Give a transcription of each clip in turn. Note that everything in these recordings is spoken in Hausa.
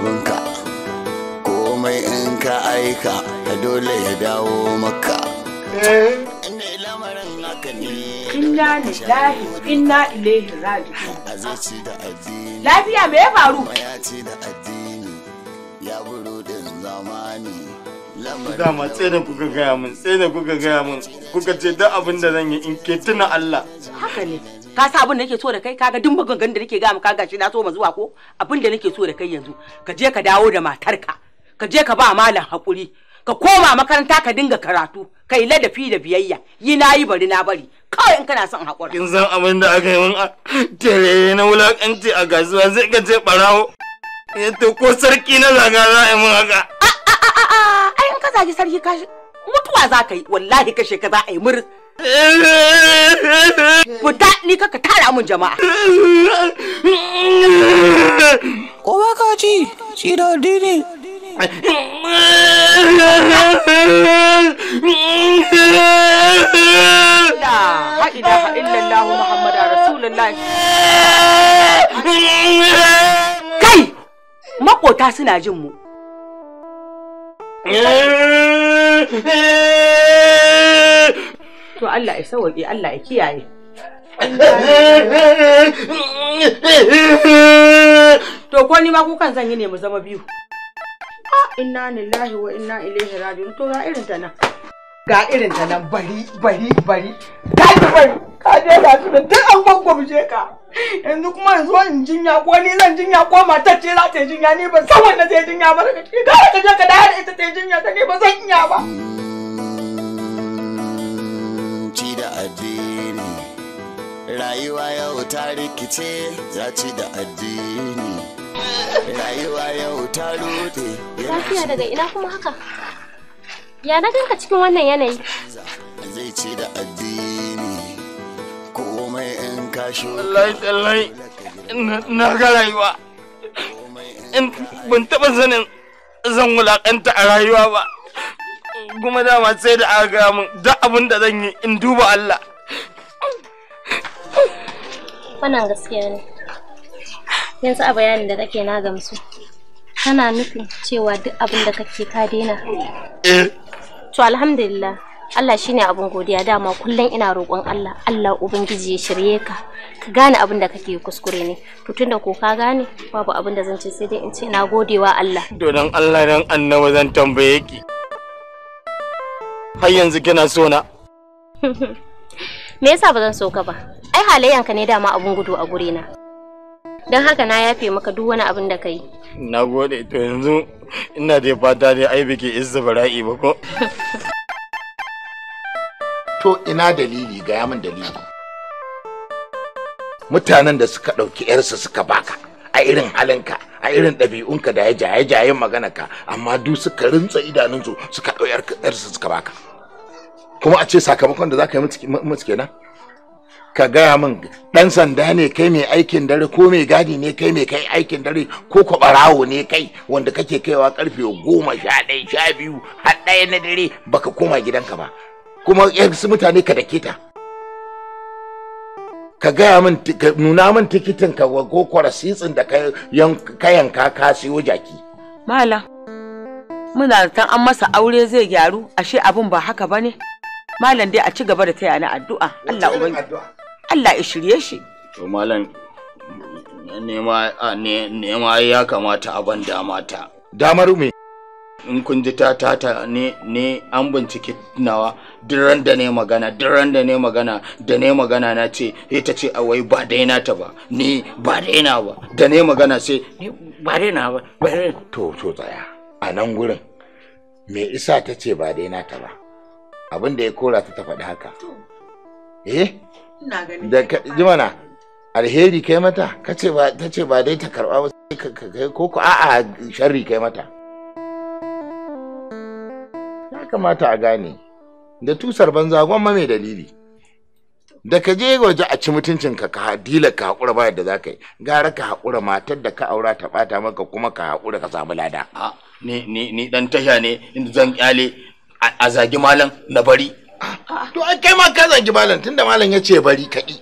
abinka komai in ka aika ka dole ya dawo maka eh. inna lillahi inna ilaihi raji'un lafiya me ya da kuka gaya min da kuka gaya min kuka ce duk abin da zan yi in ke tuna Allah haka ne ka sa abin da nake so da kai kaga duk maganganun da nake ga maka gashi na so ma zuwa ko abin da nake so da kai yanzu ka je ka dawo da matarka ka je ka ba malam hakuri ka koma makaranta ka dinga karatu kai ladafi da biyayya yi na yi bari na bari kawai in kana son hakuri kin san abin da aka yi min tare na wulakanci a kasuwa sai ka je barawo eh, to ko sarki na zaga za a yi min haka a a a a in ka zagi sarki ka mutuwa za ka yi wallahi kashe ka za a yi muris Fita ni kaka tara mun jama'a. Kowa ka ci, ci da addini. Kai! maƙota suna jin mu. Allah ya sauwaƙe Allah ya kiyaye to ko ni ma kukan zan yi ne mu zama biyu inna lillahi wa inna ilaihi raji'un to ga irin ta nan ga irin ta nan bari bari bari ta bari ka je ga su da duk an gwaggwabje ka yanzu kuma yanzu in jinya ko ni zan jinya ko matar ce za ta yi jinya ni ban san wanda zai jinya ba daga ka ta je ka da ita ta yi jinya ta ni ba zan iya ba rayuwa yau ta rikice ya ci da addini rayuwa yau ta rute lafiya daga ina kuma haka ya na ganka cikin wannan yanayi zai ci da addini komai in ka shi wallahi tallahi na ga rayuwa in ban taba sanin zan wulakanta a rayuwa ba kuma dama sai da aka gama min duk abin da zan yi in duba Allah wannan gaskiya ne yanzu a bayanin da kake na gamsu kana nufin cewa duk abin da kake ka daina eh. to alhamdulillah Allah shine abin godiya dama kullum ina roƙon Allah Allah ubangiji ya shirye ka ka gane abin da kake kuskure ne to tunda ko ka gane babu abin da zan ce sai dai in ce na godewa Allah to dan Allah dan annaba zan tambaye ki har yanzu kina so na me yasa ba zan so ka ba ai halayyanka ne dama abun gudu a na don haka na yafe maka duk wani abin da ka yi na gode to yanzu ina da fata dai ai bike izza bara'i ba ko to ina dalili ga min dalili mutanen da suka ɗauki 'yarsa suka baka a irin halinka a irin ɗabi'unka da ya jaye jayen ka, amma duk suka rintsa idanunsu suka ɗau 'yarsa suka baka kuma a ce sakamakon da za ka yi mutu kenan ka gaya min ɗan sanda ne kai mai aikin dare ko mai gadi ne kai mai kai aikin dare ko ko ɓarawo ne kai wanda kake kaiwa karfe goma sha ɗaya sha biyu har ɗaya na dare baka koma gidanka ba kuma yansu mutane ka dake ta ka gaya min ka nuna min tikitin ka ko sitsin da ka yanka ka siyo jaki mala muna zaton an masa aure zai gyaru ashe abin ba haka bane malam dai a ci gaba da taya na addu'a Allah ubangiji Allah ya shirye shi to malam nema nema ya kamata a ban dama ta damar me in kun ji ta tata ne ne an bincike nawa duran da ne magana duran da ne magana da ne magana na ce ita ce a wai ba daina ta ba ni ba daina ba da ne magana sai ba daina ba to to tsaya a nan gurin me isa ta ce ba daina ta ba abin da ya kora ta ta faɗi haka eh ina da jimana alheri kai mata kace ba tace ba dai ta karba ba sai ka kai ko ko a'a sharri kai mata ya kamata a gane da tusar banza gwamma mai dalili da ka je waje a ci mutuncin ka ka dila ka haƙura ba yadda za ka yi gara ka haƙura matar da ka aura ta ɓata maka kuma ka haƙura ka samu lada. ni ni ni dan tasha ne zan kyale a zagi malam na bari To ai kai ma ka zagi malam tunda malam ya ce bari ka ki.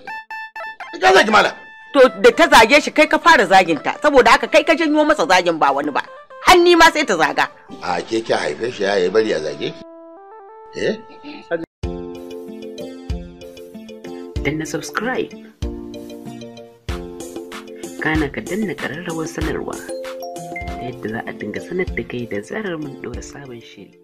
Ka zagi malam. To da ta zage shi kai ka fara zaginta saboda haka kai ka janyo masa zagin ba wani ba. Hanni ma sai ta zaga. A ke ki haife shi ya yi bari a zage? Eh? Danna subscribe. Kana ka danna ƙararrawar sanarwa ta yadda za a dinga sanar da kai da zarar mun ɗora sabon shiri.